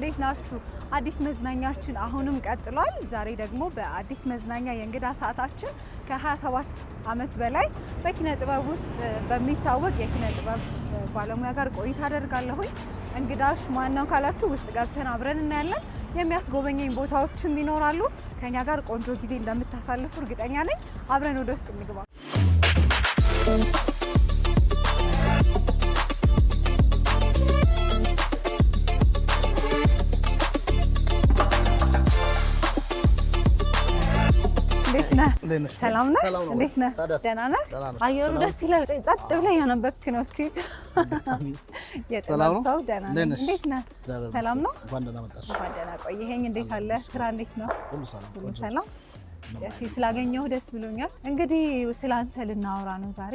እንዴት ናችሁ? አዲስ መዝናኛችን አሁንም ቀጥሏል። ዛሬ ደግሞ በአዲስ መዝናኛ የእንግዳ ሰዓታችን ከ27 ዓመት በላይ በኪነ ጥበብ ውስጥ በሚታወቅ የኪነ ጥበብ ባለሙያ ጋር ቆይታ አደርጋለሁኝ። እንግዳሽ ማነው ካላችሁ ውስጥ ገብተን አብረን እናያለን። የሚያስጎበኘኝ ቦታዎችም ይኖራሉ። ከኛ ጋር ቆንጆ ጊዜ እንደምታሳልፉ እርግጠኛ ነኝ። አብረን ወደ ውስጥ እንግባ። እንዴት ነህ? ሰላም ነህ? እንዴት ነህ? ደህና ነህ? አየሩ ደስ ይላል። ጸጥ ብለህ እያነበብክ ነው እስክሪፕት። የጥናት ሰው ደህና ነህ? እንዴት ነህ? ሰላም ነው? እንኳን ደህና መጣሽ። እንኳን ደህና ቆየኸኝ። እንዴት አለ ስራ? እንዴት ነው? ሁሉ ሰላም። ስላገኘሁ ደስ ብሎኛል። እንግዲህ ስለ አንተ ልናወራ ነው ዛሬ።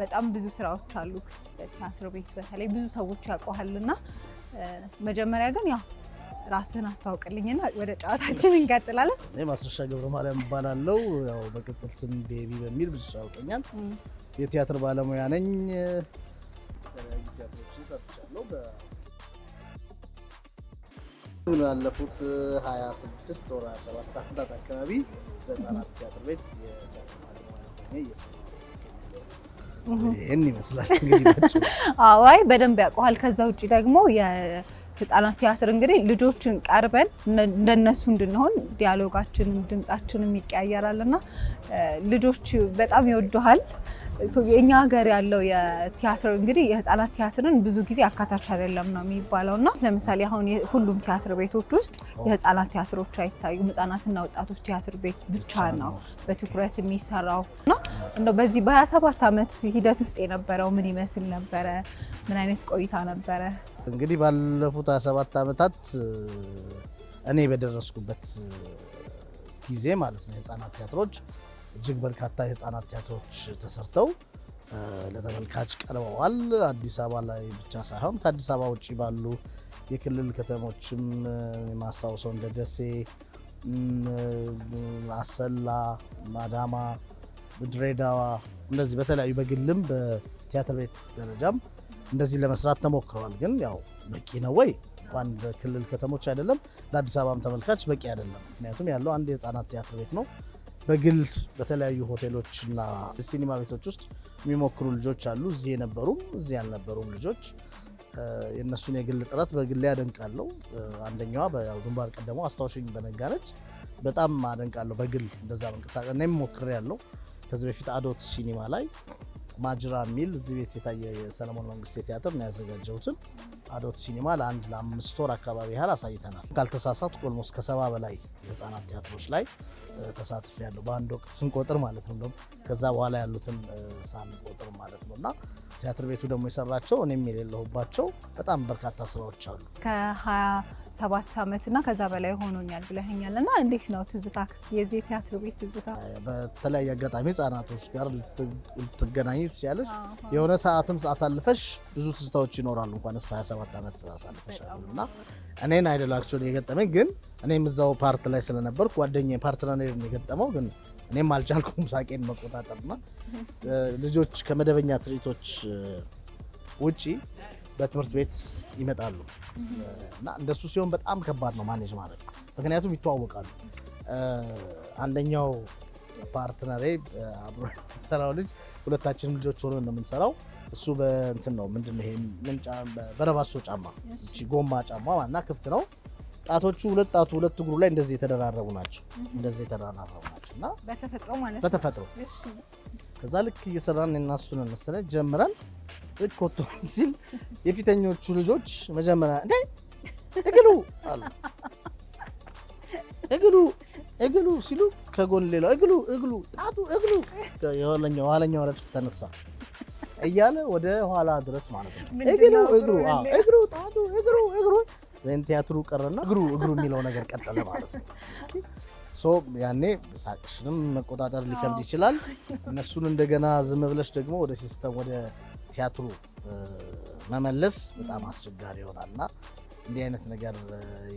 በጣም ብዙ ስራዎች አሉ በቲያትር ቤት በተለይ ብዙ ሰዎች ያውቀዋልና መጀመሪያ ግን ያው ራስህን አስተዋውቅልኝና ወደ ጨዋታችን እንቀጥላለን። እኔ ማስረሻ ገብረ ማርያም እባላለሁ። ያው በቅጽል ስም ቤቢ በሚል ብዙ ሰው ያውቀኛል። የቲያትር ባለሙያ ነኝ። የተለያዩ ላለፉት 26 ወር 27 ዓመታት አካባቢ በህፃናት ቲያትር ቤት የቲያትር ባለሙያ ሆኜ እየሰራሁ ይህን ይመስላል። እንግዲህ አዋይ በደንብ ያውቀዋል። ከዛ ውጭ ደግሞ ህጻናት ቲያትር እንግዲህ ልጆችን ቀርበን እንደነሱ እንድንሆን ዲያሎጋችንም ድምጻችንም ይቀያየራል እና ልጆች በጣም ይወዱሃል። የእኛ ሀገር ያለው የቲያትር እንግዲህ የህፃናት ቲያትርን ብዙ ጊዜ አካታች አይደለም ነው የሚባለው እና ለምሳሌ አሁን ሁሉም ቲያትር ቤቶች ውስጥ የህፃናት ቲያትሮች አይታዩም። ህጻናትና ወጣቶች ቲያትር ቤት ብቻ ነው በትኩረት የሚሰራው እና እንደው በዚህ በ27 ዓመት ሂደት ውስጥ የነበረው ምን ይመስል ነበረ? ምን አይነት ቆይታ ነበረ? እንግዲህ ባለፉት 27 ዓመታት እኔ በደረስኩበት ጊዜ ማለት ነው የህፃናት ቲያትሮች እጅግ በርካታ የህፃናት ቲያትሮች ተሰርተው ለተመልካች ቀርበዋል። አዲስ አበባ ላይ ብቻ ሳይሆን ከአዲስ አበባ ውጭ ባሉ የክልል ከተሞችም የማስታውሰው እንደ ደሴ፣ አሰላ፣ አዳማ፣ ድሬዳዋ እንደዚህ በተለያዩ በግልም በቲያትር ቤት ደረጃም እንደዚህ ለመስራት ተሞክረዋል። ግን ያው በቂ ነው ወይ? አንድ ክልል ከተሞች አይደለም ለአዲስ አበባም ተመልካች በቂ አይደለም። ምክንያቱም ያለው አንድ የህፃናት ቲያትር ቤት ነው። በግል በተለያዩ ሆቴሎች እና ሲኒማ ቤቶች ውስጥ የሚሞክሩ ልጆች አሉ። እዚህ የነበሩም እዚህ ያልነበሩም ልጆች የእነሱን የግል ጥረት በግል አደንቃለሁ። አንደኛዋ በግንባር ቀደሞ አስታውሽኝ በነጋነች በጣም አደንቃለሁ። በግል እንደዛ መንቀሳቀስ እኔም የሚሞክር ያለው ከዚህ በፊት አዶት ሲኒማ ላይ ማጅራ የሚል እዚህ ቤት የታየ የሰለሞን መንግስቴ ቲያትር ነው ያዘጋጀሁትን አዶት ሲኒማ ለአንድ ለአምስት ወር አካባቢ ያህል አሳይተናል። ካልተሳሳት ቆልሞስ ከሰባ በላይ የህፃናት ቲያትሮች ላይ ተሳትፍ ያለው በአንድ ወቅት ስንቆጥር ማለት ነው። ከዛ በኋላ ያሉትን ሳንቆጥር ማለት ነው እና ቲያትር ቤቱ ደግሞ የሰራቸው እኔም የሌለሁባቸው በጣም በርካታ ስራዎች አሉ። ሰባት ዓመት እና ከዛ በላይ ሆኖኛል ብለኛል እና እንዴት ነው ትዝታ የዚህ ቲያትር ቤት ትዝታ? በተለያየ አጋጣሚ ህጻናቶች ጋር ልትገናኝ ትችያለች። የሆነ ሰዓትም አሳልፈሽ ብዙ ትዝታዎች ይኖራሉ። እንኳን 27 ዓመት አሳልፈሽ እና እኔን አይደላቸውን የገጠመኝ ግን እኔም እዛው ፓርት ላይ ስለነበር ጓደኛ ፓርትነር የገጠመው ግን እኔም አልቻልኩም ሳቄን መቆጣጠርና ልጆች ከመደበኛ ትርኢቶች ውጪ በትምህርት ቤት ይመጣሉ እና እንደሱ ሲሆን በጣም ከባድ ነው ማኔጅ ማድረግ፣ ምክንያቱም ይተዋወቃሉ። አንደኛው ፓርትነሬ አብሮ የሚሰራው ልጅ ሁለታችንም ልጆች ሆኖ ነው የምንሰራው። እሱ በእንትን ነው ምንድን ነው ይሄ በረባሶ ጫማ ጎማ ጫማ እና ክፍት ነው ጣቶቹ ሁለት ጣቱ ሁለት እግሩ ላይ እንደዚህ የተደራረቡ ናቸው። እንደዚህ የተደራረቡ ናቸው እና በተፈጥሮ ማለት ነው። በተፈጥሮ ከዛ ልክ እየሰራን እናሱን እሱን መሰለኝ ጀምረን ጥቅ ወጥቷል ሲል የፊተኞቹ ልጆች መጀመሪያ እንዴ እግሉ አሉ እግሉ እግሉ ሲሉ ከጎን ሌላው እግሉ እግሉ ጣቱ እግሉ የኋለኛው ኋለኛው ረድፍ ተነሳ እያለ ወደ ኋላ ድረስ ማለት ነው። እግሩ እግሩ እግሩ ጣቱ እግሩ እግሩ ቲያትሩ ቀረና እግሩ እግሩ የሚለው ነገር ቀጠለ ማለት ነው። ያኔ ሳቅሽንም መቆጣጠር ሊከብድ ይችላል። እነሱን እንደገና ዝም ብለሽ ደግሞ ወደ ሲስተም ወደ ቲያትሩ መመለስ በጣም አስቸጋሪ ይሆናልና እንዲህ አይነት ነገር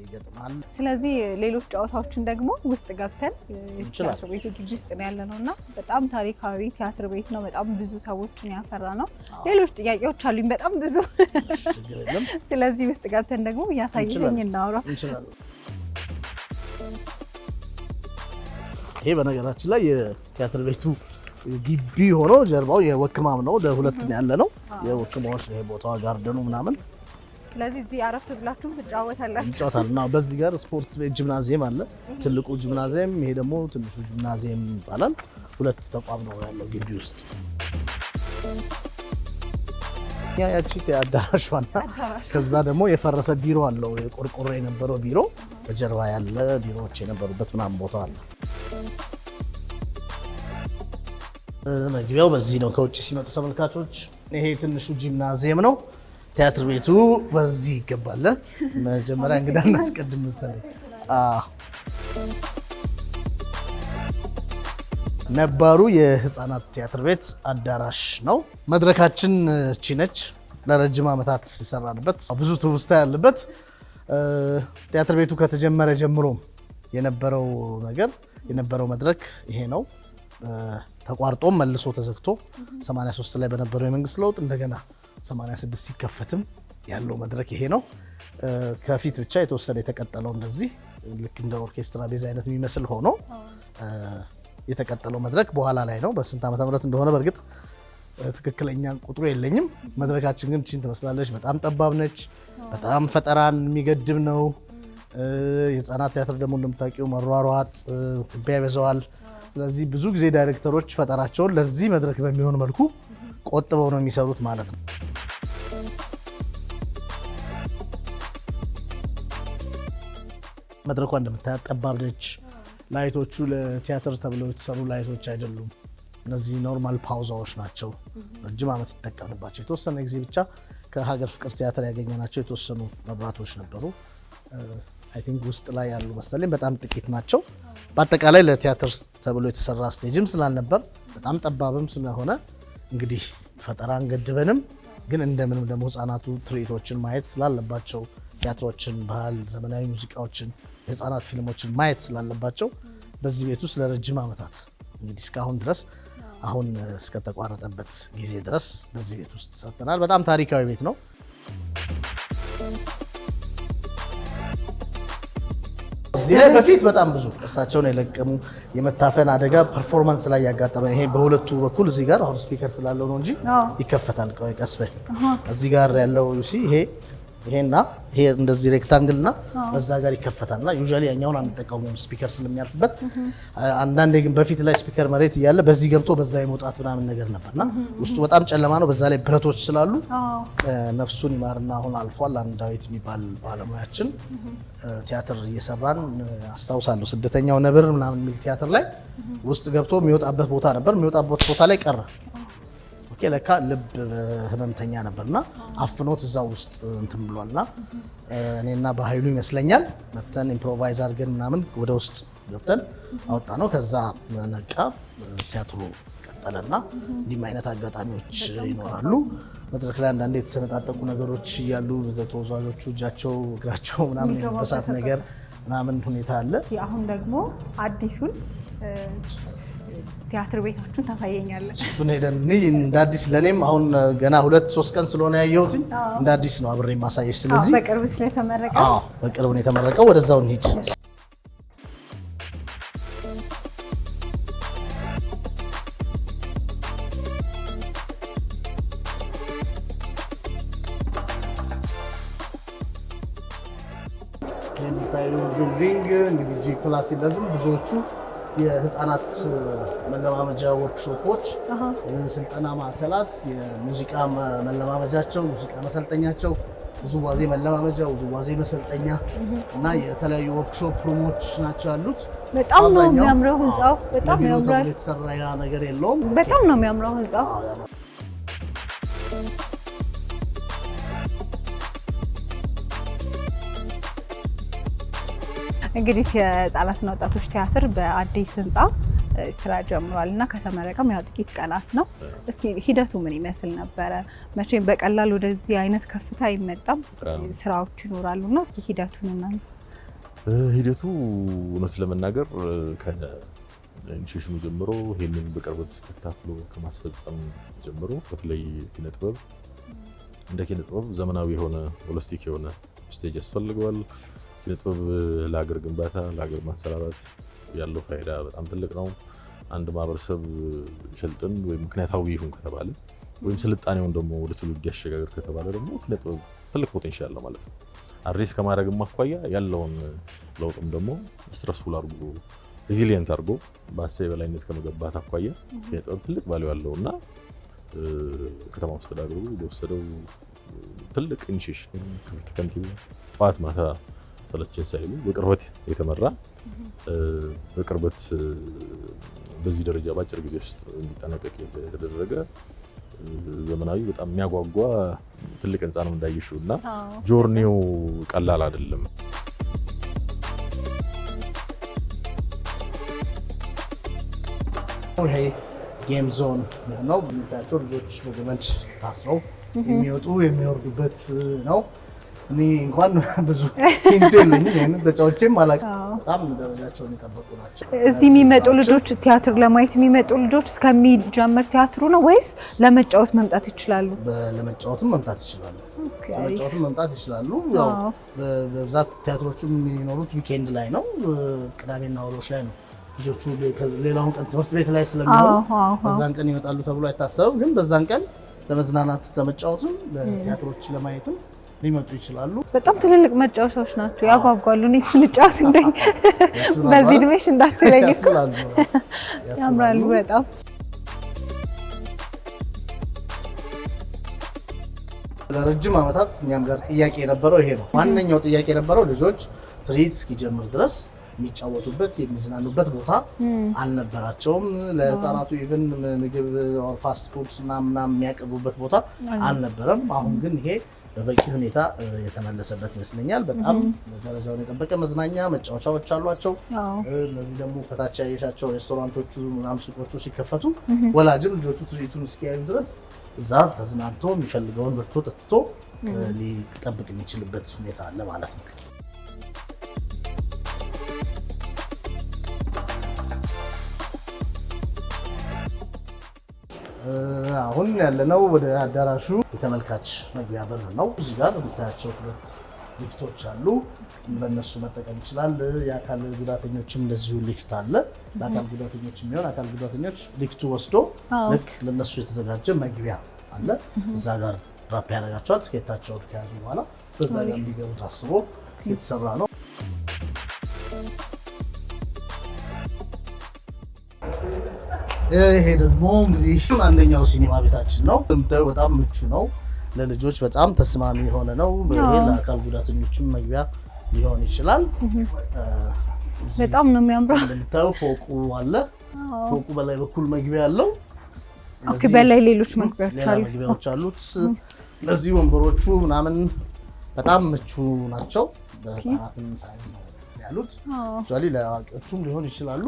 ይገጥማል። ስለዚህ ሌሎች ጨዋታዎችን ደግሞ ውስጥ ገብተን ቲያትር ቤቱ ግቢ ውስጥ ነው ያለ ነው እና በጣም ታሪካዊ ቲያትር ቤት ነው። በጣም ብዙ ሰዎችን ያፈራ ነው። ሌሎች ጥያቄዎች አሉኝ በጣም ብዙ። ስለዚህ ውስጥ ገብተን ደግሞ እያሳየኝ እናውራ። ይሄ በነገራችን ላይ የቲያትር ቤቱ ግቢ ሆኖ ጀርባው የወክማም ነው። ለሁለት ነው ያለ ነው የወክማዎች ነው ቦታው፣ ጋርደኑ ምናምን። ስለዚህ እዚህ አረፍ ብላችሁም ትጫወታላችሁ ትጫወታል በዚህ ጋር ስፖርት ቤት ጂምናዚየም አለ። ትልቁ ጂምናዚየም፣ ይሄ ደግሞ ትንሹ ጂምናዚየም ይባላል። ሁለት ተቋም ነው ያለው ግቢ ውስጥ። ያ ያቺ አዳራሿና ከዛ ደግሞ የፈረሰ ቢሮ አለው። የቆርቆሮ የነበረው ቢሮ በጀርባ ያለ ቢሮዎች የነበሩበት ምናምን ቦታ አለ። መግቢያው በዚህ ነው። ከውጭ ሲመጡ ተመልካቾች ይሄ ትንሹ ጂምናዚየም ነው። ቲያትር ቤቱ በዚህ ይገባል። መጀመሪያ እንግዳ እናስቀድም መሰለኝ። ነባሩ የህፃናት ቲያትር ቤት አዳራሽ ነው። መድረካችን እቺ ነች። ለረጅም ዓመታት የሰራንበት ብዙ ትውስታ ያለበት ቲያትር ቤቱ ከተጀመረ ጀምሮም የነበረው ነገር የነበረው መድረክ ይሄ ነው። ተቋርጦም መልሶ ተዘግቶ 83 ላይ በነበረው የመንግስት ለውጥ እንደገና 86 ሲከፈትም ያለው መድረክ ይሄ ነው። ከፊት ብቻ የተወሰነ የተቀጠለው እንደዚህ ልክ እንደ ኦርኬስትራ ቤዝ አይነት የሚመስል ሆኖ የተቀጠለው መድረክ በኋላ ላይ ነው። በስንት ዓመተ ምህረት እንደሆነ በእርግጥ ትክክለኛ ቁጥሩ የለኝም። መድረካችን ግን ቺን ትመስላለች። በጣም ጠባብ ነች። በጣም ፈጠራን የሚገድብ ነው። የህፃናት ቲያትር ደግሞ እንደምታውቂው መሯሯጥ፣ ትቢያ ይበዛዋል። ስለዚህ ብዙ ጊዜ ዳይሬክተሮች ፈጠራቸውን ለዚህ መድረክ በሚሆን መልኩ ቆጥበው ነው የሚሰሩት ማለት ነው። መድረኳ እንደምታያት ጠባብ ነች። ላይቶቹ ለቲያትር ተብለው የተሰሩ ላይቶች አይደሉም። እነዚህ ኖርማል ፓውዛዎች ናቸው። ረጅም ዓመት ይጠቀምንባቸው። የተወሰነ ጊዜ ብቻ ከሀገር ፍቅር ቲያትር ያገኘናቸው የተወሰኑ መብራቶች ነበሩ። አይ ቲንክ ውስጥ ላይ ያሉ መሰለኝ በጣም ጥቂት ናቸው። በአጠቃላይ ለቲያትር ተብሎ የተሰራ ስቴጅም ስላልነበር በጣም ጠባብም ስለሆነ እንግዲህ ፈጠራን ገድበንም ግን እንደምንም ደግሞ ህፃናቱ ትርኢቶችን ማየት ስላለባቸው ቲያትሮችን፣ ባህል፣ ዘመናዊ ሙዚቃዎችን፣ የህፃናት ፊልሞችን ማየት ስላለባቸው በዚህ ቤት ውስጥ ለረጅም ዓመታት እንግዲህ እስካሁን ድረስ አሁን እስከተቋረጠበት ጊዜ ድረስ በዚህ ቤት ውስጥ ሰርተናል። በጣም ታሪካዊ ቤት ነው። እዚህ ላይ በፊት በጣም ብዙ እርሳቸውን የለቀሙ የመታፈን አደጋ ፐርፎርማንስ ላይ ያጋጠመ ይሄ በሁለቱ በኩል እዚህ ጋር አሁን ስፒከር ስላለው ነው እንጂ ይከፈታል። ቀስ በይ እዚህ ጋር ያለው ይሄ ይሄና ይሄ እንደዚህ ሬክታንግል እና በዛ ጋር ይከፈታል እና ዩዥዋሊ ያኛውን አንጠቀሙም ስፒከር ስለሚያርፍበት። አንዳንዴ ግን በፊት ላይ ስፒከር መሬት እያለ በዚህ ገብቶ በዛ የመውጣት ምናምን ነገር ነበርና ውስጡ በጣም ጨለማ ነው። በዛ ላይ ብረቶች ስላሉ ነፍሱን ይማርና አሁን አልፏል። አንድ ዳዊት የሚባል ባለሙያችን ቲያትር እየሰራን አስታውሳለሁ። ስደተኛው ነብር ምናምን የሚል ቲያትር ላይ ውስጥ ገብቶ የሚወጣበት ቦታ ነበር። የሚወጣበት ቦታ ላይ ቀረ። ለካ ልብ ህመምተኛ ነበርና አፍኖት እዛ ውስጥ እንትን ብሏልና እኔና በሀይሉ ይመስለኛል መተን ኢምፕሮቫይዝ አድርገን ምናምን ወደ ውስጥ ገብተን አወጣ ነው። ከዛ ነቃ፣ ቲያትሮ ቀጠለና እንዲህም አይነት አጋጣሚዎች ይኖራሉ። መድረክ ላይ አንዳንድ የተሰነጣጠቁ ነገሮች እያሉ ተወዛዦቹ እጃቸው እግራቸው ምናምን የሚበሳት ነገር ምናምን ሁኔታ አለ። አሁን ደግሞ አዲሱን ቲያትር ቤታችሁን ታሳየኛለህ። እሱን ሄደን እኔ እንደ አዲስ ለእኔም አሁን ገና ሁለት ሶስት ቀን ስለሆነ ያየሁት እንደ አዲስ ነው አብሬ ማሳየሽ። ስለዚህ በቅርብ ስለተመረቀ በቅርብ ነው የተመረቀው። ወደዛው እንሂድ። የሚታዩ ቢልዲንግ እንግዲህ ጂ ፕላስ ኢለቭን ብዙዎቹ የህፃናት መለማመጃ ወርክሾፖች፣ ስልጠና ማዕከላት፣ የሙዚቃ መለማመጃቸው፣ ሙዚቃ መሰልጠኛቸው፣ ውዝዋዜ መለማመጃ፣ ውዝዋዜ መሰልጠኛ እና የተለያዩ ወርክሾፕ ሩሞች ናቸው ያሉት። በጣም ነው የሚያምረው ህንፃው። በጣም ነው የተሰራ ነገር የለውም። በጣም ነው የሚያምረው ህንፃው። እንግዲህ የህፃናትና ወጣቶች ቲያትር በአዲስ ህንፃ ስራ ጀምሯል እና ከተመረቀም ያው ጥቂት ቀናት ነው። እስኪ ሂደቱ ምን ይመስል ነበረ? መቼም በቀላል ወደዚህ አይነት ከፍታ አይመጣም፣ ስራዎች ይኖራሉ እና እስኪ ሂደቱን እናንሳ። ሂደቱ እውነት ለመናገር ከኢኒሼሽኑ ጀምሮ ይህንን በቅርበት ተከታትሎ ከማስፈጸም ጀምሮ በተለይ ኪነ ጥበብ እንደ ኪነ ጥበብ ዘመናዊ የሆነ ሆለስቲክ የሆነ ስቴጅ ያስፈልገዋል። የጥበብ ለሀገር ግንባታ ለሀገር ማሰራራት ያለው ፋይዳ በጣም ትልቅ ነው። አንድ ማህበረሰብ ይሰልጥን ወይም ምክንያታዊ ይሁን ከተባለ ወይም ስልጣኔውን ደግሞ ወደ ትውልድ ያሸጋግር ከተባለ ደግሞ ኪነ ጥበብ ትልቅ ፖቴንሻል አለው ማለት ነው። አድሬስ ከማድረግም አኳያ ያለውን ለውጥም ደግሞ ስትረስፉል አድርጎ ሪዚሊየንት አድርጎ በሀሳብ የበላይነት ከመገባት አኳያ ኪነ ጥበብ ትልቅ ቫሊዩ ያለው እና ከተማ መስተዳድሩ የወሰደው ትልቅ ኢኒሼሽን ክብርት ከንቲባ ጠዋት ማታ ሰለቸኝ ሳይሉ በቅርበት የተመራ በቅርበት በዚህ ደረጃ በአጭር ጊዜ ውስጥ እንዲጠናቀቅ የተደረገ ዘመናዊ በጣም የሚያጓጓ ትልቅ ህንፃ ነው እንዳየሽው እና ጆርኒው ቀላል አይደለም። ይሄ ጌም ዞን ነው። ምንዳቸው ልጆች በገመድ ታስረው የሚወጡ የሚወርዱበት ነው። እኔ እንኳን ብዙ ሂንቱ የለኝም። ተጫዎቼም አላውቅም። በጣም ደረጃቸውን የጠበቁ ናቸው። እዚህ የሚመጡ ልጆች ቲያትር ለማየት የሚመጡ ልጆች እስከሚጀምር ቲያትሩ ነው ወይስ ለመጫወት መምጣት ይችላሉ? ለመጫወትም መምጣት ይችላሉ። ለመጫወትም መምጣት ይችላሉ። ያው በብዛት ቲያትሮቹ የሚኖሩት ዊኬንድ ላይ ነው፣ ቅዳሜና እሑዶች ላይ ነው። ልጆቹ ሌላውን ቀን ትምህርት ቤት ላይ ስለሚሆን በዛን ቀን ይመጣሉ ተብሎ አይታሰብም። ግን በዛን ቀን ለመዝናናት ለመጫወትም፣ ቲያትሮች ለማየትም ሊመጡ ይችላሉ። በጣም ትልልቅ መጫወቻዎች ናቸው፣ ያጓጓሉ። እኔ ልጫወት እንደ በዚህ እድሜሽ እንዳትለኝ። ያምራሉ በጣም ለረጅም ዓመታት እኛም ጋር ጥያቄ የነበረው ይሄ ነው። ዋነኛው ጥያቄ የነበረው ልጆች ትርኢት እስኪጀምር ድረስ የሚጫወቱበት የሚዝናኑበት ቦታ አልነበራቸውም። ለህፃናቱ ኢቭን ምግብ ፋስት ፉድ ምናምን የሚያቀርቡበት ቦታ አልነበረም። አሁን ግን ይሄ በበቂ ሁኔታ የተመለሰበት ይመስለኛል። በጣም ደረጃውን የጠበቀ መዝናኛ መጫወቻዎች አሏቸው። እነዚህ ደግሞ ከታች ያየሻቸው ሬስቶራንቶቹ ምናምን ሱቆቹ ሲከፈቱ ወላጅም ልጆቹ ትርኢቱን እስኪያዩ ድረስ እዛ ተዝናንቶ የሚፈልገውን በልቶ ጠጥቶ ሊጠብቅ የሚችልበት ሁኔታ አለ ማለት ነው። አሁን ያለነው ወደ አዳራሹ የተመልካች መግቢያ በር ነው። እዚህ ጋር የምታያቸው ሁለት ሊፍቶች አሉ። በእነሱ መጠቀም ይችላል። የአካል ጉዳተኞችም እንደዚሁ ሊፍት አለ። ለአካል ጉዳተኞች የሚሆን አካል ጉዳተኞች ሊፍቱ ወስዶ ልክ ለእነሱ የተዘጋጀ መግቢያ አለ። እዛ ጋር ራፕ ያደርጋቸዋል። ትኬታቸውን ከያዙ በኋላ በዛ ጋር እንዲገቡ ታስቦ የተሰራ ነው። ይሄ ደግሞ እንግዲህ አንደኛው ሲኒማ ቤታችን ነው። እንደው በጣም ምቹ ነው። ለልጆች በጣም ተስማሚ የሆነ ነው። ለአካል ጉዳተኞችም መግቢያ ሊሆን ይችላል። በጣም ነው የሚያምረው። እንደምታየው ፎቁ አለ። ፎቁ በላይ በኩል መግቢያ አለው። በላይ ሌሎች መግቢያዎች አሉት። እነዚህ ወንበሮቹ ምናምን በጣም ምቹ ናቸው። በህፃናትም ሳይዝ ያሉት ለአዋቂዎቹም ሊሆን ይችላሉ።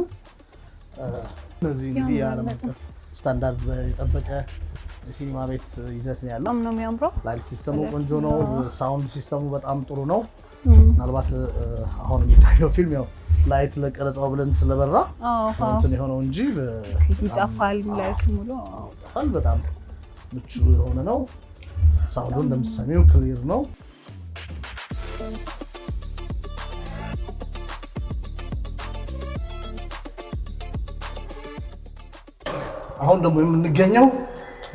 እነዚህ እንግዲህ የዓለም አቀፍ ስታንዳርድ የጠበቀ ሲኒማ ቤት ይዘት ነው ያለው። ነው የሚያምረው። ላይት ሲስተሙ ቆንጆ ነው። ሳውንድ ሲስተሙ በጣም ጥሩ ነው። ምናልባት አሁን የሚታየው ፊልም ያው ላይት ለቀረጻው ብለን ስለበራ እንትን የሆነው እንጂ ይጠፋል። ላይት ሙሉ ይጠፋል። በጣም ምቹ የሆነ ነው። ሳውንዱ እንደምትሰሚው ክሊር ነው። አሁን ደግሞ የምንገኘው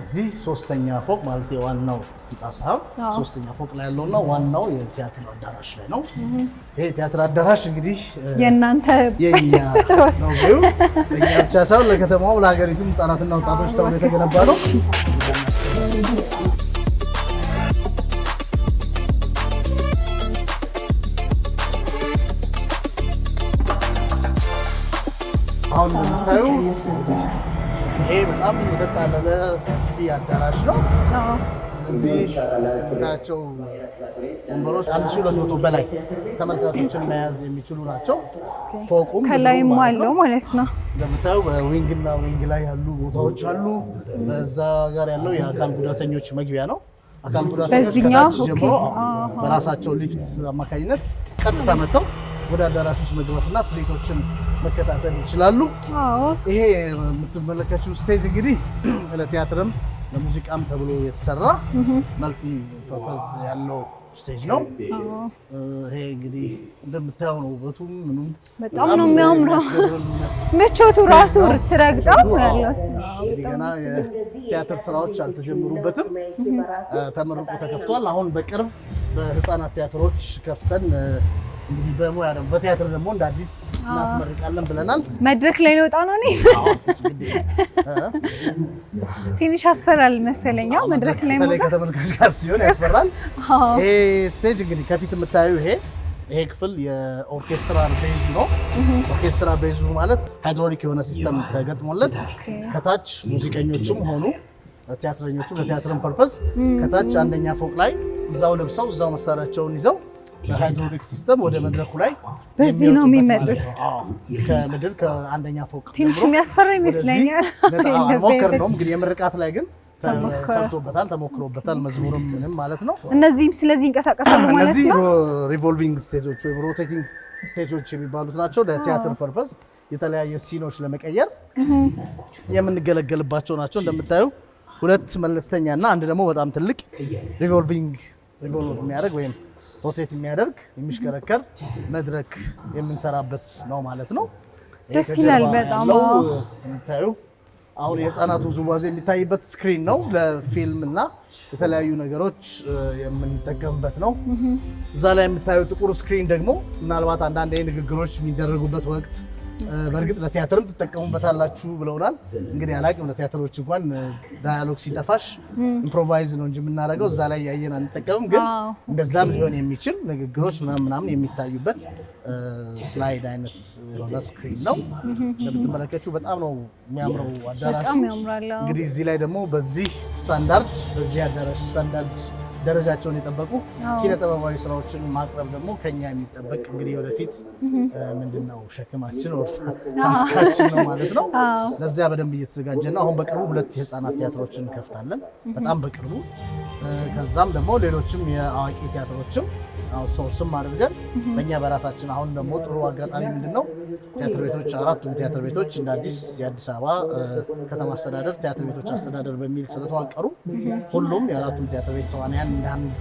እዚህ ሶስተኛ ፎቅ ማለት የዋናው ህንፃ ሳብ ሶስተኛ ፎቅ ላይ ያለውና ዋናው የቲያትር አዳራሽ ላይ ነው። ይሄ ቲያትር አዳራሽ እንግዲህ የእናንተ የኛ ነው፣ ለእኛ ብቻ ሳይሆን ለከተማውም ለሀገሪቱም ህፃናትና ወጣቶች ተብሎ የተገነባ ነው። አዳራሽ ነው። ናቸው ወንበሮች አንድ ሺህ ሁለት መቶ በላይ ተመልካቾችን መያዝ የሚችሉ ናቸው። ፎቁም ከላይም አለው ማለት ነው። እንደምታየው በዊንግ እና ዊንግ ላይ ያሉ ቦታዎች አሉ። በዛ ጋር ያለው የአካል ጉዳተኞች መግቢያ ነው። አካል ጉዳተኞች ጀምሮ በራሳቸው ሊፍት አማካኝነት ቀጥታ መጥተው ወደ አዳራሽ ውስጥ መግባትና ትርኢቶችን መከታተል ይችላሉ። ይሄ የምትመለከችው ስቴጅ እንግዲህ ለቲያትርም ለሙዚቃም ተብሎ የተሰራ መልቲ ፐርፐዝ ያለው ስቴጅ ነው። ይሄ እንግዲህ እንደምታየው ነው። ውበቱም ምኑም በጣም ነው የሚያምረው። ምቾቱ ራሱ ትረግጠው እንግዲህ ገና የቲያትር ስራዎች አልተጀመሩበትም። ተመርቆ ተከፍቷል። አሁን በቅርብ በህፃናት ቲያትሮች ከፍተን እንግዲህ በሙያ ደግሞ በቲያትር ደግሞ እንደ አዲስ እናስመርቃለን ብለናል። መድረክ ላይ ለወጣ ነው እኔ ትንሽ ያስፈራል መሰለኝ። መድረክ ላይ ማለት ከተመልካች ጋር ሲሆን ያስፈራል። ይሄ ስቴጅ እንግዲህ ከፊት የምታዩ ይሄ ይሄ ክፍል የኦርኬስትራ ቤዙ ነው። ኦርኬስትራ ቤዙ ማለት ሃይድሮሊክ የሆነ ሲስተም ተገጥሞለት ከታች ሙዚቀኞችም ሆኑ ቲያትረኞቹም ለቲያትርን ፐርፐስ ከታች አንደኛ ፎቅ ላይ እዛው ለብሰው እዛው መሳሪያቸውን ይዘው በሃይድሮሊክ ሲስተም ወደ መድረኩ ላይ በዚህ ነው የሚመጡት። ከምድር ከአንደኛ ፎቅ ትንሽ የሚያስፈራ ይመስለኛል። ሞከር ነው እንግዲህ የምርቃት ላይ ግን ተሰርቶበታል፣ ተሞክሮበታል። መዝሙርም ምንም ማለት ነው። እነዚህም ስለዚህ ይንቀሳቀሳሉ ማለት ነው። እነዚህ ሪቮልቪንግ ስቴጆች ወይም ሮቴቲንግ ስቴጆች የሚባሉት ናቸው። ለቲያትር ፐርፐስ የተለያየ ሲኖች ለመቀየር የምንገለገልባቸው ናቸው። እንደምታዩ ሁለት መለስተኛ እና አንድ ደግሞ በጣም ትልቅ ሪቮልቪንግ ሪቮልቭ የሚያደርግ ወይም ሮቴት የሚያደርግ የሚሽከረከር መድረክ የምንሰራበት ነው ማለት ነው። ደስ ይላል በጣም አሁን የህፃናት ውዝዋዜ የሚታይበት ስክሪን ነው። ለፊልም እና የተለያዩ ነገሮች የምንጠቀምበት ነው። እዛ ላይ የምታዩ ጥቁር ስክሪን ደግሞ ምናልባት አንዳንድ ንግግሮች የሚደረጉበት ወቅት በእርግጥ ለቲያትርም ትጠቀሙበታላችሁ ብለውናል። እንግዲህ አላቅም ለቲያትሮች እንኳን ዳያሎግ ሲጠፋሽ ኢምፕሮቫይዝ ነው እንጂ የምናደርገው እዛ ላይ ያየን አንጠቀምም። ግን እንደዛም ሊሆን የሚችል ንግግሮች ምናምን የሚታዩበት ስላይድ አይነት የሆነ ስክሪን ነው እንደምትመለከችው። በጣም ነው የሚያምረው አዳራሹ። እንግዲህ እዚህ ላይ ደግሞ በዚህ ስታንዳርድ በዚህ አዳራሽ ስታንዳርድ ደረጃቸውን የጠበቁ ኪነ ጥበባዊ ስራዎችን ማቅረብ ደግሞ ከኛ የሚጠበቅ እንግዲህ ወደፊት ምንድን ነው ሸክማችን ወር ታስካችን ነው ማለት ነው። ለዚያ በደንብ እየተዘጋጀ ነው። አሁን በቅርቡ ሁለት የህፃናት ቲያትሮችን እንከፍታለን፣ በጣም በቅርቡ ከዛም ደግሞ ሌሎችም የአዋቂ ቲያትሮችም አውትሶርስም አድርገን በእኛ በራሳችን አሁን ደግሞ ጥሩ አጋጣሚ ምንድን ነው ቲያትር ቤቶች አራቱም ቲያትር ቤቶች እንደ አዲስ የአዲስ አበባ ከተማ አስተዳደር ቲያትር ቤቶች አስተዳደር በሚል ስለተዋቀሩ ሁሉም የአራቱም ቲያትር ቤት ተዋንያን እንደ አንድ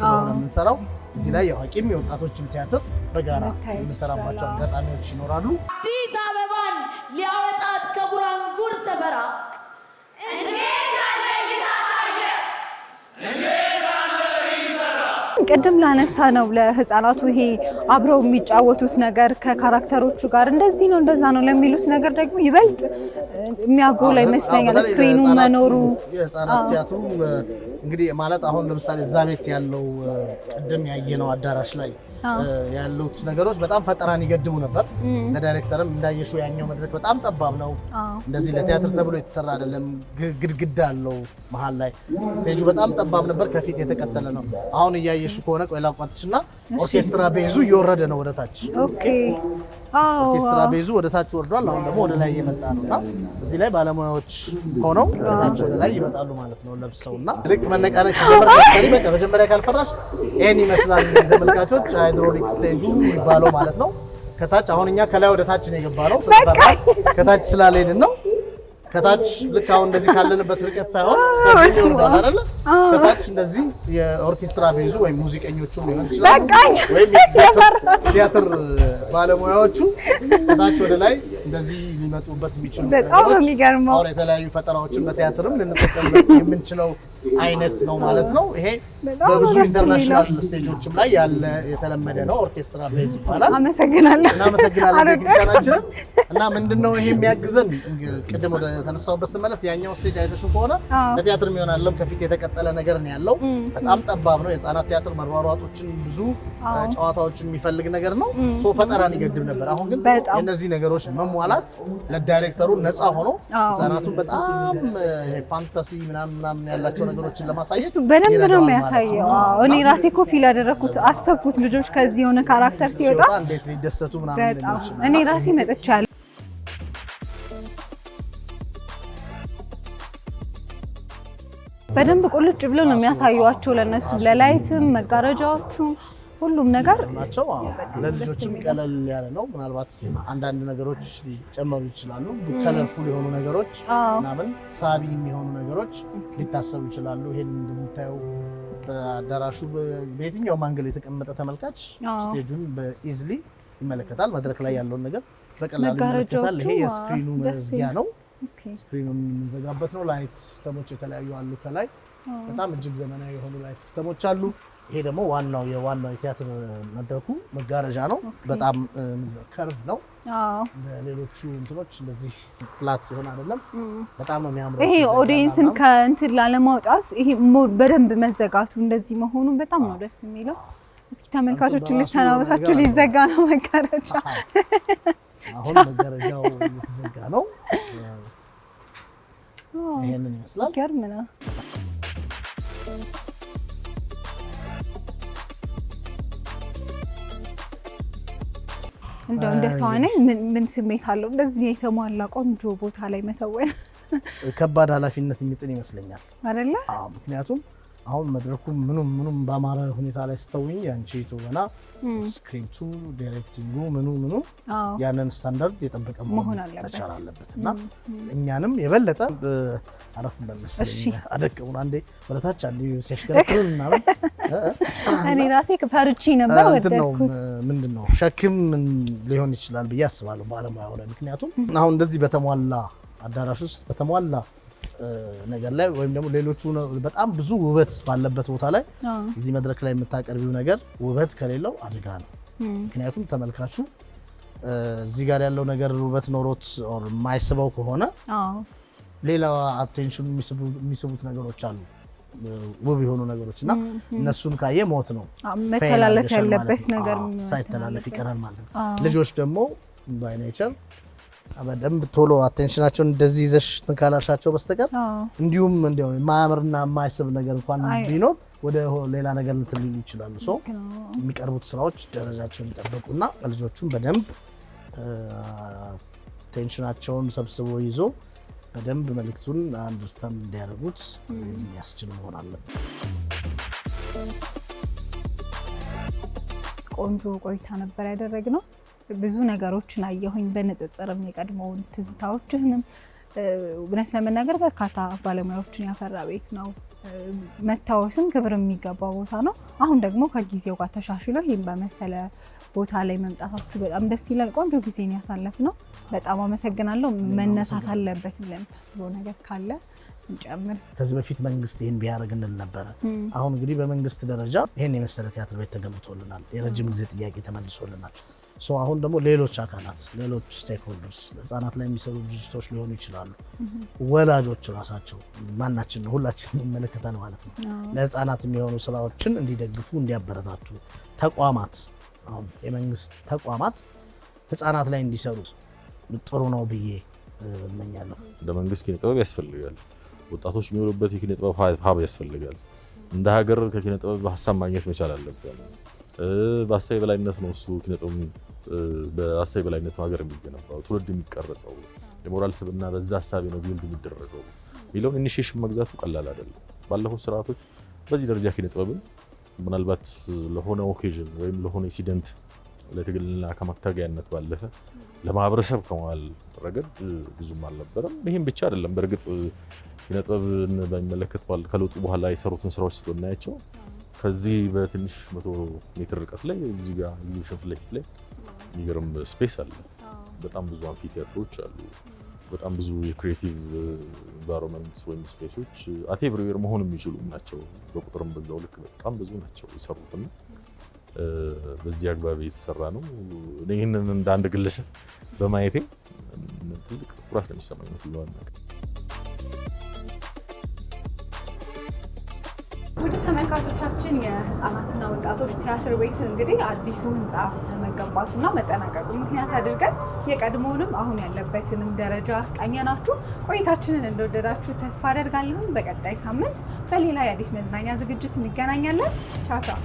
ስለሆነ የምንሰራው እዚህ ላይ የአዋቂም የወጣቶችም ቲያትር በጋራ የምንሰራባቸው አጋጣሚዎች ይኖራሉ። አዲስ አበባን ሊያወጣት ከቡራንጉር ሰበራ ቅድም ላነሳ ነው ለህፃናቱ ይሄ አብረው የሚጫወቱት ነገር ከካራክተሮቹ ጋር እንደዚህ ነው እንደዛ ነው ለሚሉት ነገር ደግሞ ይበልጥ የሚያጎላ ይመስለኛል ስክሪኑ መኖሩ። የህፃናት ቲያትሩም እንግዲህ ማለት አሁን ለምሳሌ እዛ ቤት ያለው ቅድም ያየነው አዳራሽ ላይ ያሉት ነገሮች በጣም ፈጠራን ይገድቡ ነበር። ለዳይሬክተርም እንዳየሽው ያኛው መድረክ በጣም ጠባብ ነው። እንደዚህ ለቲያትር ተብሎ የተሰራ አይደለም። ግድግዳ አለው መሀል ላይ ስቴጁ በጣም ጠባብ ነበር። ከፊት የተቀጠለ ነው። አሁን እያየሽው ከሆነ ቆይ ላቋርጥሽ እና ኦርኬስትራ ቤዙ እየወረደ ነው ወደታች። ኦኬ ኦርኬስትራ ቤዙ ወደታች ወርዷል። አሁን ደግሞ ወደ ላይ እየመጣ ነውና እዚህ ላይ ባለሙያዎች ሆነው ወደታች ወደ ላይ ይመጣሉ ማለት ነው ለብሰውና ልክ መነቃነቅ ሲጀምር መጀመሪያ ካልፈራሽ ይሄን ይመስላል ተመልካቾች። ሃይድሮሊክ ስቴጁ የሚባለው ማለት ነው ከታች። አሁን እኛ ከላይ ወደታች ነው የገባነው ከታች ስላልሄድን ነው ከታች ልክ አሁን እንደዚህ ካለንበት ርቀት ሳይሆን ከታች እንደዚህ የኦርኬስትራ ቤዙ ወይም ሙዚቀኞቹ ሊሆን ይችላል ወይም ቲያትር ባለሙያዎቹ ከታች ወደ ላይ እንደዚህ ሊመጡበት የሚችሉ በጣም የሚገርመው የተለያዩ ፈጠራዎችን በቲያትርም ልንጠቀምበት የምንችለው አይነት ነው ማለት ነው። ይሄ በብዙ ኢንተርናሽናል ስቴጆችም ላይ ያለ የተለመደ ነው። ኦርኬስትራ ቤዝ ይባላል። አመሰግናለሁ። እናመሰግናለን እና ምንድን ነው ይሄ የሚያግዘን ቅድም ወደ ተነሳሁበት ስመለስ ያኛው ስቴጅ አይተሽው ከሆነ ለቲያትር የሚሆን አለም ከፊት የተቀጠለ ነገር ነው ያለው። በጣም ጠባብ ነው። የህፃናት ቲያትር መሯሯጦችን፣ ብዙ ጨዋታዎችን የሚፈልግ ነገር ነው። ፈጠራን ይገድብ ነበር። አሁን ግን የነዚህ ነገሮች መሟላት ለዳይሬክተሩ ነፃ ሆኖ ህፃናቱን በጣም ፋንታሲ ምናምን ያላቸው ነገሮችን ለማሳየት በደንብ ነው የሚያሳየው። እኔ ራሴ እኮ ፊል ያደረኩት አሰብኩት፣ ልጆች ከዚህ የሆነ ካራክተር ሲወጣ እንዴት ሊደሰቱ ምናምን እኔ ራሴ መጥቻለሁ። በደንብ ቁልጭ ብለው ነው የሚያሳዩቸው ለእነሱ ለላይትም መጋረጃዎቹም ሁሉም ነገር ናቸው። ለልጆችም ቀለል ያለ ነው። ምናልባት አንዳንድ ነገሮች ሊጨመሩ ይችላሉ። ከለርፉል የሆኑ ነገሮች ምናምን ሳቢ የሚሆኑ ነገሮች ሊታሰቡ ይችላሉ። ይሄን እንደምታየው በአዳራሹ በየትኛው ማንገል የተቀመጠ ተመልካች ስቴጁን በኢዝሊ ይመለከታል። መድረክ ላይ ያለውን ነገር በቀላሉ ይመለከታል። ይሄ የስክሪኑ መዝጊያ ነው። ስክሪኑ የምንዘጋበት ነው። ላይት ሲስተሞች የተለያዩ አሉ። ከላይ በጣም እጅግ ዘመናዊ የሆኑ ላይት ሲስተሞች አሉ። ይሄ ደግሞ ዋናው የዋናው የቲያትር መድረኩ መጋረጃ ነው። በጣም ከርቭ ነው። ሌሎቹ እንትኖች እንደዚህ ፍላት ሲሆን አይደለም። በጣም ነው የሚያምረው። ይሄ ኦዲየንስን ከእንትን ላለማውጣት ይሄ በደንብ መዘጋቱ እንደዚህ መሆኑን በጣም ነው ደስ የሚለው። እስኪ ተመልካቾችን ልሰናበታችሁ፣ ሊዘጋ ነው መጋረጃ። አሁን መጋረጃው የተዘጋ ነው። ይሄንን ይመስላል። ይገርም ነው። እንደው እንደ ተዋናይ ምን ስሜት አለው እንደዚህ የተሟላ ቆንጆ ቦታ ላይ መተወን? ከባድ ኃላፊነት የሚጥን ይመስለኛል አይደለ? ምክንያቱም አሁን መድረኩ ምኑም ምኑም በአማረ ሁኔታ ላይ ስተውኝ ያንቺ ትወና ስክሪፕቱ ዳይሬክቲንጉ ምኑ ምኑ ያንን ስታንዳርድ የጠበቀ መሆን መቻል አለበት እና እኛንም የበለጠ አረፍ በመስለኝ አደቀሙን አንዴ ወደታች አንዴ ሲያሽከረክሩን ምናምን እኔ ራሴ ፈርቼ ነበር። ወደድኩት። ምንድን ነው ሸክም ሊሆን ይችላል ብዬ አስባለሁ ባለሙያ ሆነ። ምክንያቱም አሁን እንደዚህ በተሟላ አዳራሽ ውስጥ በተሟላ ነገር ላይ ወይም ደግሞ ሌሎቹ በጣም ብዙ ውበት ባለበት ቦታ ላይ እዚህ መድረክ ላይ የምታቀርቢው ነገር ውበት ከሌለው አደጋ ነው። ምክንያቱም ተመልካቹ እዚህ ጋር ያለው ነገር ውበት ኖሮት የማይስበው ከሆነ ሌላ አቴንሽኑ የሚስቡት ነገሮች አሉ፣ ውብ የሆኑ ነገሮች እና እነሱን ካየ ሞት ነው። መተላለፍ ያለበት ነገር ሳይተላለፍ ይቀራል ማለት ነው። ልጆች ደግሞ ባይ ኔቸር በደንብ ቶሎ አቴንሽናቸውን እንደዚህ ይዘሽ ትንካላሻቸው በስተቀር እንዲሁም እንዲያው የማያምርና የማይስብ ነገር እንኳን ቢኖር ወደ ሌላ ነገር እንትን ሊሉ ይችላሉ። ሶ የሚቀርቡት ስራዎች ደረጃቸውን ሊጠበቁና ልጆቹን በደንብ ቴንሽናቸውን ሰብስቦ ይዞ በደንብ መልእክቱን አንድስተን እንዲያደርጉት የሚያስችል መሆን አለበት። ቆንጆ ቆይታ ነበር ያደረግነው። ብዙ ነገሮችን አየሁኝ። በንጽጽርም የቀድሞውን ትዝታዎችህንም እውነት ለመናገር በርካታ ባለሙያዎችን ያፈራ ቤት ነው። መታወስም ክብር የሚገባ ቦታ ነው። አሁን ደግሞ ከጊዜው ጋር ተሻሽሎ ይህም በመሰለ ቦታ ላይ መምጣታችሁ በጣም ደስ ይላል። ቆንጆ ጊዜን ያሳለፍ ነው። በጣም አመሰግናለሁ። መነሳት አለበት ብለህ የምታስበው ነገር ካለ እንጨምር። ከዚህ በፊት መንግስት ይህን ቢያደርግልን ነበረ። አሁን እንግዲህ በመንግስት ደረጃ ይህን የመሰለ ቲያትር ቤት ተገምቶልናል። የረጅም ጊዜ ጥያቄ ተመልሶልናል። ሶ አሁን ደግሞ ሌሎች አካላት ሌሎች ስቴክሆልደርስ ህጻናት ላይ የሚሰሩ ድርጅቶች ሊሆኑ ይችላሉ፣ ወላጆች ራሳቸው ማናችን ነው ሁላችን የሚመለከተን ማለት ነው። ለህጻናት የሚሆኑ ስራዎችን እንዲደግፉ እንዲያበረታቱ ተቋማት አሁን የመንግስት ተቋማት ህጻናት ላይ እንዲሰሩ ጥሩ ነው ብዬ እመኛለሁ። እንደ መንግስት ኪነ ጥበብ ያስፈልጋል። ወጣቶች የሚውሉበት የኪነ ጥበብ ሀብ ያስፈልጋል። እንደ ሀገር ከኪነ ጥበብ ሀሳብ ማግኘት መቻል አለብን። በሀሳብ በላይነት ነው እሱ ኪነጥበብ በአሳቢ በላይነት ሀገር የሚገነባው ትውልድ የሚቀረጸው የሞራል ስብና በዛ ሀሳብ ነው ቢልድ የሚደረገው የሚለውን ኢኒሽሽን መግዛቱ ቀላል አይደለም። ባለፉት ስርዓቶች በዚህ ደረጃ ኪነ ጥበብን ምናልባት ለሆነ ኦኬዥን ወይም ለሆነ ኢንሲደንት ለትግልና ከመታገያነት ባለፈ ለማህበረሰብ ከመዋል ረገድ ብዙም አልነበረም። ይህም ብቻ አይደለም። በእርግጥ ኪነ ጥበብን በሚመለከት ከለውጡ በኋላ የሰሩትን ስራዎች ስናያቸው ከዚህ በትንሽ መቶ ሜትር ርቀት ላይ እዚህ ጋር ኤግዚቢሽን ፊት ለፊት ላይ የሚገርም ስፔስ አለ። በጣም ብዙ አምፊ ቲያትሮች አሉ። በጣም ብዙ የክሪኤቲቭ ኢንቫይሮንመንት ወይም ስፔሶች አት ኤቭሪዌር መሆን የሚችሉ ናቸው። በቁጥርም በዛው ልክ በጣም ብዙ ናቸው የሰሩትም በዚህ አግባብ የተሰራ ነው። ይህንን እንደ አንድ ግለሰብ በማየቴ ትልቅ ኩራት ነው የሚሰማኝ። ወደ ተመልካቾቻችን የህፃናትና ወጣቶች ቲያትር ቤት እንግዲህ አዲሱ ህንፃ መገንባቱና መጠናቀቁ ምክንያት አድርገን የቀድሞውንም አሁን ያለበትንም ደረጃ አስቃኘናችሁ። ቆይታችንን እንደወደዳችሁ ተስፋ አደርጋለሁም። በቀጣይ ሳምንት በሌላ የአዲስ መዝናኛ ዝግጅት እንገናኛለን። ቻቻ